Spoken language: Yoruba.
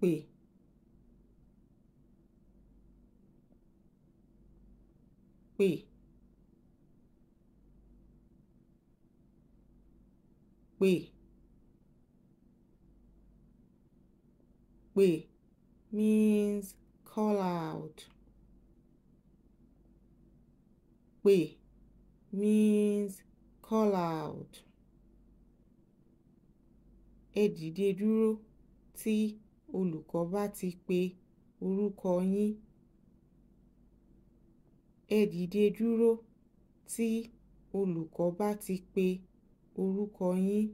pè pè pè pè means call out pè means call out ẹ dìde dúró tí olùkọ́ bá ti pe orúkọ yín ẹ dìde dúró tí olùkọ́ bá ti pe orúkọ yín